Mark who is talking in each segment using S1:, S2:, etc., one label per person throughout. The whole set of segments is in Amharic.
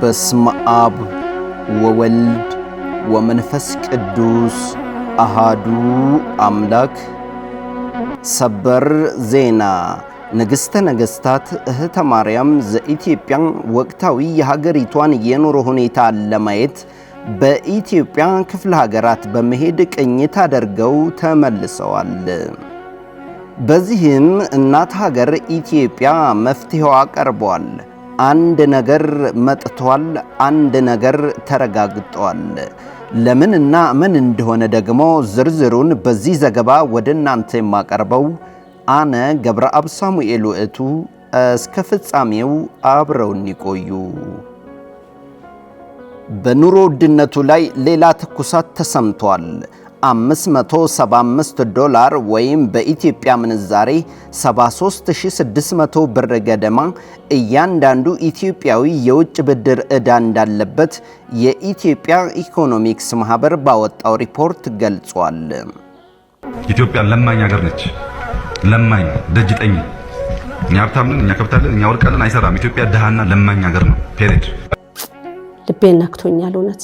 S1: በስመ አብ ወወልድ ወመንፈስ ቅዱስ አሃዱ አምላክ። ሰበር ዜና ንግሥተ ነገሥታት እህተ ማርያም ዘኢትዮጵያ ወቅታዊ የሀገሪቷን የኑሮ ሁኔታ ለማየት በኢትዮጵያ ክፍለ ሀገራት በመሄድ ቅኝት አድርገው ተመልሰዋል። በዚህም እናት ሀገር ኢትዮጵያ መፍትሄዋ ቀርቧል። አንድ ነገር መጥቷል፣ አንድ ነገር ተረጋግጧል። ለምንና ምን እንደሆነ ደግሞ ዝርዝሩን በዚህ ዘገባ ወደ እናንተ የማቀርበው አነ ገብረአብ ሳሙኤል ውእቱ። እስከ ፍጻሜው አብረውን ይቆዩ። በኑሮ ውድነቱ ላይ ሌላ ትኩሳት ተሰምቷል። 575 ዶላር ወይም በኢትዮጵያ ምንዛሬ 73600 ብር ገደማ እያንዳንዱ ኢትዮጵያዊ የውጭ ብድር ዕዳ እንዳለበት የኢትዮጵያ ኢኮኖሚክስ ማህበር ባወጣው ሪፖርት ገልጿል።
S2: ኢትዮጵያ ለማኝ ሀገር ነች። ለማኝ ደጅ ጠኝ። እኛ ሀብታም ነን፣ እኛ ከብታለን፣ እኛ ወርቃለን። አይሰራም። ኢትዮጵያ ድሃና ለማኝ ሀገር ነው። ፔሬድ
S3: ልቤ ነክቶኛል እውነት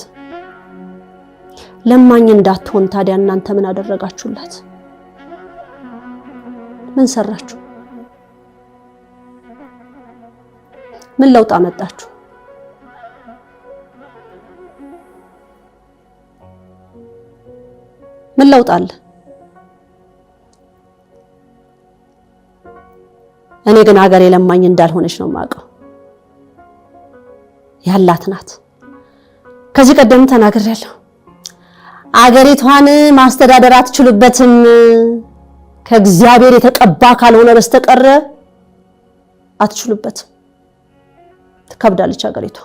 S3: ለማኝ እንዳትሆን ታዲያ እናንተ ምን አደረጋችሁላት? ምን ሰራችሁ? ምን ለውጥ አመጣችሁ? ምን ለውጥ አለ? እኔ ግን ሀገሬ ለማኝ እንዳልሆነች ነው የማውቀው። ያላት ናት። ከዚህ ቀደም ተናግሬያለሁ። አገሪቷን ማስተዳደር አትችሉበትም ከእግዚአብሔር የተቀባ ካልሆነ በስተቀረ አትችሉበትም። ትከብዳለች አገሪቷ።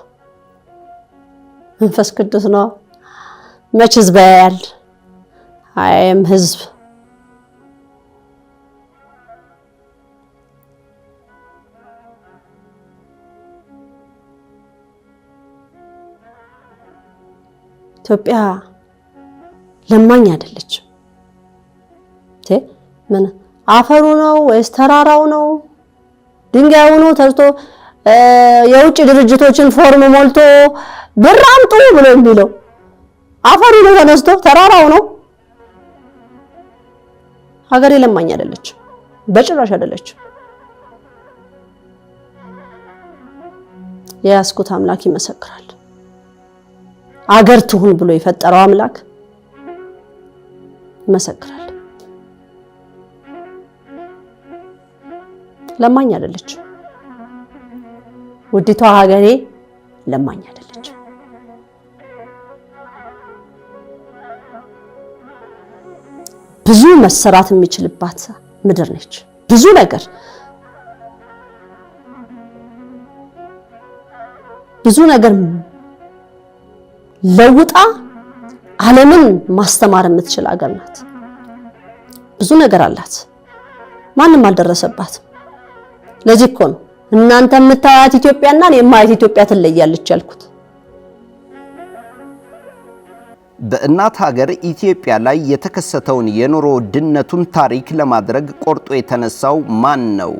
S3: መንፈስ ቅዱስ ነው። መች ህዝብ ያያል? አይም ህዝብ ኢትዮጵያ ለማኝ አይደለችም። ምን አፈሩ ነው ወይስ ተራራው ነው ድንጋዩ ነው ተርቶ የውጭ ድርጅቶችን ፎርም ሞልቶ ብር አምጡ ብሎ የሚለው አፈሩ ነው ተነስቶ ተራራው ነው። ሀገሬ ለማኝ አይደለችም፣ በጭራሽ አይደለችም። የያዝኩት አምላክ ይመሰክራል። አገር ትሁን ብሎ የፈጠረው አምላክ መሰክራል። ለማኝ አይደለችም። ውዲቷ ሀገሬ ለማኝ አይደለችም። ብዙ መሰራት የሚችልባት ምድር ነች። ብዙ ነገር ብዙ ነገር ለውጣ ዓለምን ማስተማር የምትችል አገር ናት። ብዙ ነገር አላት። ማንም አልደረሰባት ለዚህ እኮ ነው እናንተ የምታያት ኢትዮጵያና እኔ የማያት ኢትዮጵያ ትለያለች ያልኩት።
S1: በእናት ሀገር ኢትዮጵያ ላይ የተከሰተውን የኑሮ ውድነቱን ታሪክ ለማድረግ ቆርጦ የተነሳው ማን ነው?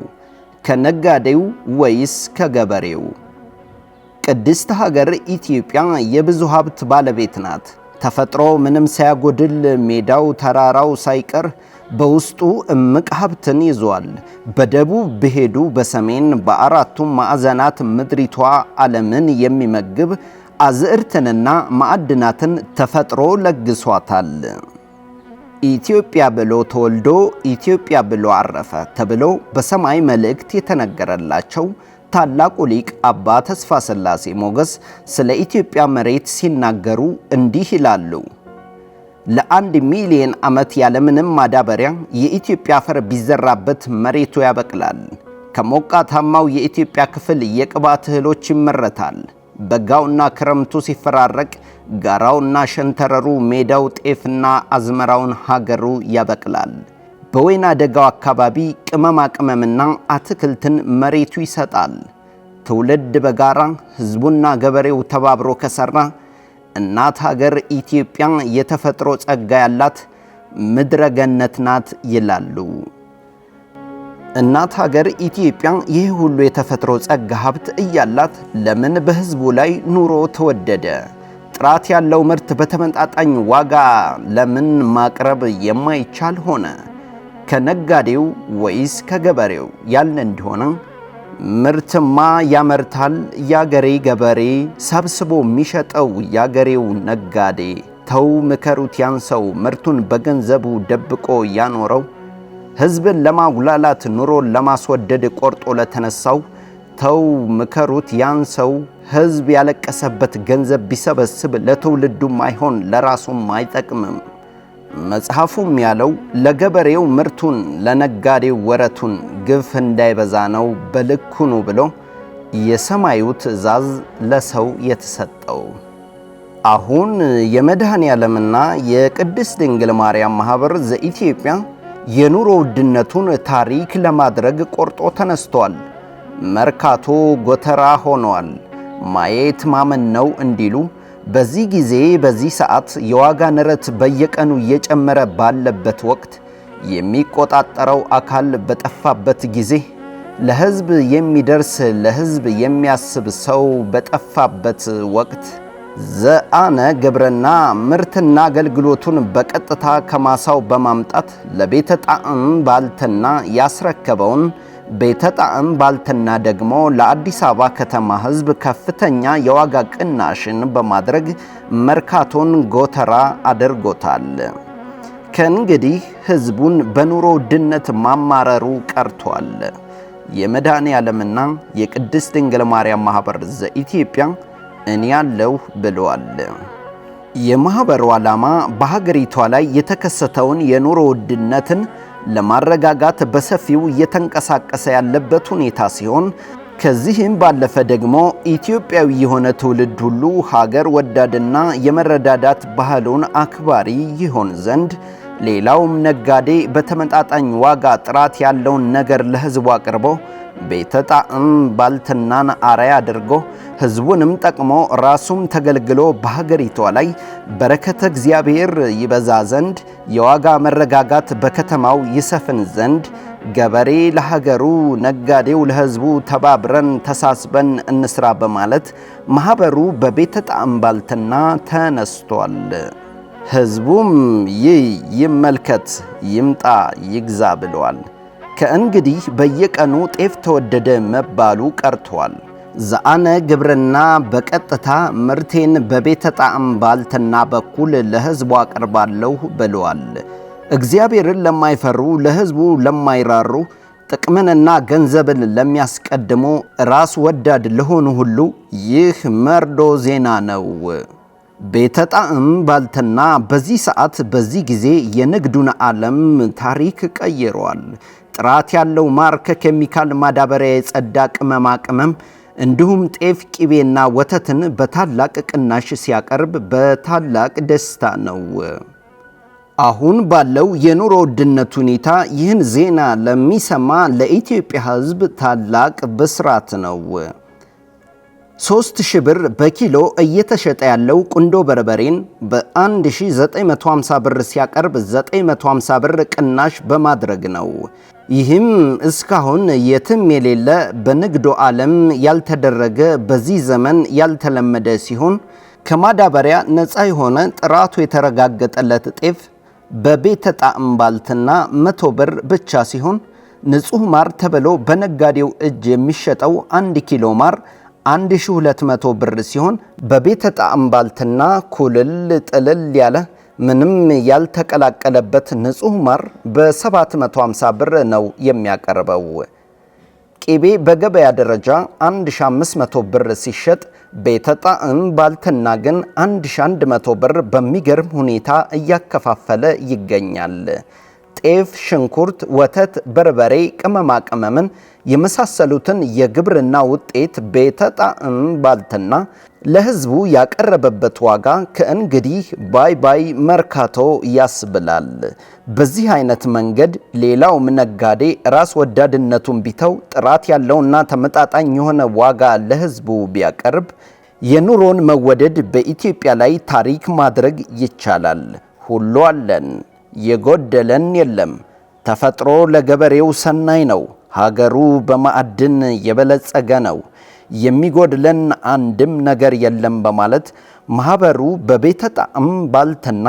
S1: ከነጋዴው ወይስ ከገበሬው? ቅድስት ሀገር ኢትዮጵያ የብዙ ሀብት ባለቤት ናት። ተፈጥሮ ምንም ሳያጎድል ሜዳው ተራራው ሳይቀር በውስጡ እምቅ ሀብትን ይዟል። በደቡብ ብሄዱ በሰሜን በአራቱም ማዕዘናት ምድሪቷ ዓለምን የሚመግብ አዝዕርትንና ማዕድናትን ተፈጥሮ ለግሷታል። ኢትዮጵያ ብሎ ተወልዶ ኢትዮጵያ ብሎ አረፈ ተብሎ በሰማይ መልእክት የተነገረላቸው ታላቁ ሊቅ አባ ተስፋ ሥላሴ ሞገስ ስለ ኢትዮጵያ መሬት ሲናገሩ እንዲህ ይላሉ። ለአንድ ሚሊዮን ዓመት ያለምንም ማዳበሪያ የኢትዮጵያ አፈር ቢዘራበት መሬቱ ያበቅላል። ከሞቃታማው የኢትዮጵያ ክፍል የቅባት እህሎች ይመረታል። በጋውና ክረምቱ ሲፈራረቅ ጋራውና ሸንተረሩ፣ ሜዳው ጤፍና አዝመራውን ሀገሩ ያበቅላል። በወይና ደጋው አካባቢ ቅመማ ቅመምና አትክልትን መሬቱ ይሰጣል። ትውልድ በጋራ ሕዝቡና ገበሬው ተባብሮ ከሰራ እናት ሀገር ኢትዮጵያ የተፈጥሮ ጸጋ ያላት ምድረ ገነት ናት ይላሉ። እናት ሀገር ኢትዮጵያ ይህ ሁሉ የተፈጥሮ ጸጋ ሀብት እያላት ለምን በህዝቡ ላይ ኑሮ ተወደደ? ጥራት ያለው ምርት በተመጣጣኝ ዋጋ ለምን ማቅረብ የማይቻል ሆነ? ከነጋዴው ወይስ ከገበሬው ያልን እንደሆነ ምርትማ ያመርታል ያገሬ ገበሬ ሰብስቦ የሚሸጠው ያገሬው ነጋዴ። ተው ምከሩት ያን ሰው ምርቱን በገንዘቡ ደብቆ ያኖረው ሕዝብን ለማጉላላት ኑሮን ለማስወደድ ቆርጦ ለተነሳው ተው ምከሩት ያን ሰው ሕዝብ ያለቀሰበት ገንዘብ ቢሰበስብ ለትውልዱም አይሆን ለራሱም አይጠቅምም። መጽሐፉም ያለው ለገበሬው ምርቱን ለነጋዴው ወረቱን ግፍ እንዳይበዛ ነው በልኩኑ ብሎ የሰማዩ ትእዛዝ ለሰው የተሰጠው። አሁን የመድኃኔ ዓለምና የቅድስት ድንግል ማርያም ማኅበር ዘኢትዮጵያ የኑሮ ውድነቱን ታሪክ ለማድረግ ቆርጦ ተነስቷል። መርካቶ ጎተራ ሆኗል። ማየት ማመን ነው እንዲሉ በዚህ ጊዜ በዚህ ሰዓት የዋጋ ንረት በየቀኑ እየጨመረ ባለበት ወቅት የሚቆጣጠረው አካል በጠፋበት ጊዜ ለሕዝብ የሚደርስ ለሕዝብ የሚያስብ ሰው በጠፋበት ወቅት ዘአነ ግብርና ምርትና አገልግሎቱን በቀጥታ ከማሳው በማምጣት ለቤተ ጣዕም ባልትና ያስረከበውን ቤተ ጣዕም ባልትና ደግሞ ለአዲስ አበባ ከተማ ሕዝብ ከፍተኛ የዋጋ ቅናሽን በማድረግ መርካቶን ጎተራ አድርጎታል። ከእንግዲህ ሕዝቡን በኑሮ ውድነት ማማረሩ ቀርቷል። የመድኃኔ ዓለምና የቅድስት ድንግል ማርያም ማኅበር ዘኢትዮጵያ እኔ ያለው ብለዋል። የማኅበሩ ዓላማ በሀገሪቷ ላይ የተከሰተውን የኑሮ ውድነትን ለማረጋጋት በሰፊው እየተንቀሳቀሰ ያለበት ሁኔታ ሲሆን ከዚህም ባለፈ ደግሞ ኢትዮጵያዊ የሆነ ትውልድ ሁሉ ሀገር ወዳድና የመረዳዳት ባህሉን አክባሪ ይሆን ዘንድ ሌላውም ነጋዴ በተመጣጣኝ ዋጋ ጥራት ያለውን ነገር ለሕዝቡ አቅርቦ ቤተ ጣዕም ባልትናን አርአያ አድርጎ ህዝቡንም ጠቅሞ ራሱም ተገልግሎ በሀገሪቷ ላይ በረከተ እግዚአብሔር ይበዛ ዘንድ የዋጋ መረጋጋት በከተማው ይሰፍን ዘንድ ገበሬ ለሀገሩ፣ ነጋዴው ለህዝቡ ተባብረን ተሳስበን እንስራ በማለት ማኅበሩ በቤተ ጣምባልትና ተነስቷል። ህዝቡም ይህ ይመልከት፣ ይምጣ፣ ይግዛ ብለዋል። ከእንግዲህ በየቀኑ ጤፍ ተወደደ መባሉ ቀርቷል። ዘአነ ግብርና በቀጥታ ምርቴን በቤተ ጣዕም ባልትና በኩል ለሕዝቡ አቀርባለሁ ብለዋል። እግዚአብሔርን ለማይፈሩ ለሕዝቡ ለማይራሩ ጥቅምንና ገንዘብን ለሚያስቀድሙ ራስ ወዳድ ለሆኑ ሁሉ ይህ መርዶ ዜና ነው። ቤተ ጣዕም ባልትና በዚህ ሰዓት በዚህ ጊዜ የንግዱን ዓለም ታሪክ ቀይሯል። ጥራት ያለው ማር ከኬሚካል ማዳበሪያ የጸዳ ቅመማ ቅመም እንዲሁም ጤፍ ቂቤና ወተትን በታላቅ ቅናሽ ሲያቀርብ በታላቅ ደስታ ነው። አሁን ባለው የኑሮ ውድነት ሁኔታ ይህን ዜና ለሚሰማ ለኢትዮጵያ ሕዝብ ታላቅ ብስራት ነው። ሶስት ሺህ ብር በኪሎ እየተሸጠ ያለው ቁንዶ በርበሬን በ1950 ብር ሲያቀርብ 950 ብር ቅናሽ በማድረግ ነው። ይህም እስካሁን የትም የሌለ በንግዱ ዓለም ያልተደረገ በዚህ ዘመን ያልተለመደ ሲሆን ከማዳበሪያ ነፃ የሆነ ጥራቱ የተረጋገጠለት ጤፍ በቤተ ጣዕም ባልትና መቶ ብር ብቻ ሲሆን ንጹህ ማር ተብሎ በነጋዴው እጅ የሚሸጠው 1 ኪሎ ማር 1200 ብር ሲሆን በቤተ ጣዕም ባልትና ኩልል ጥልል ያለ ምንም ያልተቀላቀለበት ንጹህ ማር በ750 ብር ነው የሚያቀርበው። ቂቤ በገበያ ደረጃ 1500 ብር ሲሸጥ ቤተ ጣዕም ባልትና ግን 1100 ብር በሚገርም ሁኔታ እያከፋፈለ ይገኛል። ጤፍ፣ ሽንኩርት፣ ወተት፣ በርበሬ፣ ቅመማ ቅመምን የመሳሰሉትን የግብርና ውጤት ቤተ ጣዕም ባልትና ለሕዝቡ ያቀረበበት ዋጋ ከእንግዲህ ባይ ባይ መርካቶ ያስብላል። በዚህ አይነት መንገድ ሌላውም ነጋዴ ራስ ወዳድነቱን ቢተው ጥራት ያለውና ተመጣጣኝ የሆነ ዋጋ ለሕዝቡ ቢያቀርብ የኑሮን መወደድ በኢትዮጵያ ላይ ታሪክ ማድረግ ይቻላል። ሁሉ አለን። የጎደለን የለም። ተፈጥሮ ለገበሬው ሰናይ ነው። ሀገሩ በማዕድን የበለጸገ ነው። የሚጎድለን አንድም ነገር የለም በማለት ማኅበሩ በቤተ ጣዕም ባልተና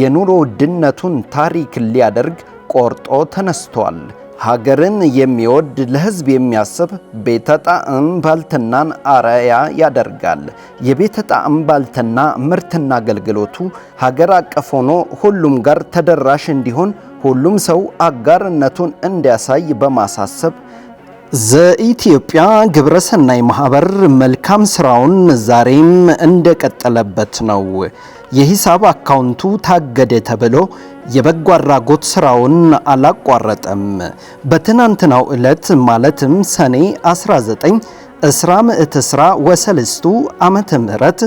S1: የኑሮ ውድነቱን ታሪክ ሊያደርግ ቆርጦ ተነስቷል። ሀገርን የሚወድ ለህዝብ የሚያስብ ቤተ ጣዕም ባልትናን አርአያ ያደርጋል። የቤተ ጣዕም ባልትና ምርትና አገልግሎቱ ሀገር አቀፍ ሆኖ ሁሉም ጋር ተደራሽ እንዲሆን ሁሉም ሰው አጋርነቱን እንዲያሳይ በማሳሰብ ዘኢትዮጵያ ግብረሰናይ ማህበር መልካም ስራውን ዛሬም እንደቀጠለበት ነው። የሂሳብ አካውንቱ ታገደ ተብሎ የበጎ አድራጎት ስራውን አላቋረጠም። በትናንትናው ዕለት ማለትም ሰኔ 19 እስራ ምእት እስራ ወሰልስቱ ዓመተ ምህረት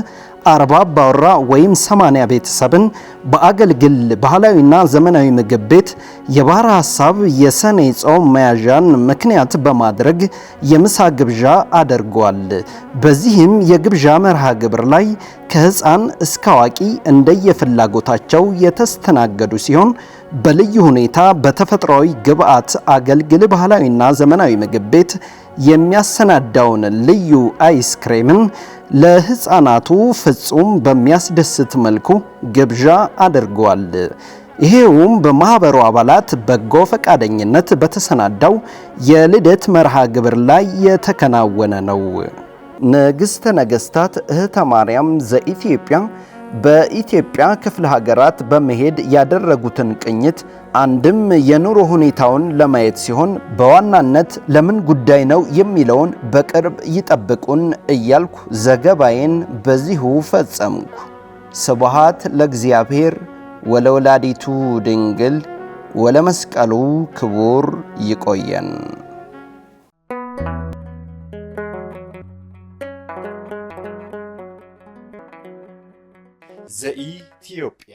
S1: አርባ አባወራ ወይም 80 ቤተሰብን በአገልግል ባህላዊና ዘመናዊ ምግብ ቤት የባሕረ ሐሳብ የሰኔ ጾም መያዣን ምክንያት በማድረግ የምሳ ግብዣ አድርጓል። በዚህም የግብዣ መርሃ ግብር ላይ ከህፃን እስከ አዋቂ እንደየፍላጎታቸው የተስተናገዱ ሲሆን በልዩ ሁኔታ በተፈጥሯዊ ግብዓት አገልግል ባህላዊና ዘመናዊ ምግብ ቤት የሚያሰናዳውን ልዩ አይስክሬምን ለህፃናቱ ፍጹም በሚያስደስት መልኩ ግብዣ አድርጓል። ይሄውም በማኅበሩ አባላት በጎ ፈቃደኝነት በተሰናዳው የልደት መርሃ ግብር ላይ የተከናወነ ነው። ንግሥተ ነገሥታት እህተ ማርያም ዘኢትዮጵያ በኢትዮጵያ ክፍለ ሀገራት በመሄድ ያደረጉትን ቅኝት አንድም የኑሮ ሁኔታውን ለማየት ሲሆን በዋናነት ለምን ጉዳይ ነው የሚለውን በቅርብ ይጠብቁን እያልኩ ዘገባዬን በዚሁ ፈጸምኩ። ስብሐት ለእግዚአብሔር ወለወላዲቱ ድንግል ወለመስቀሉ ክቡር ይቆየን። ዘኢትዮጵያ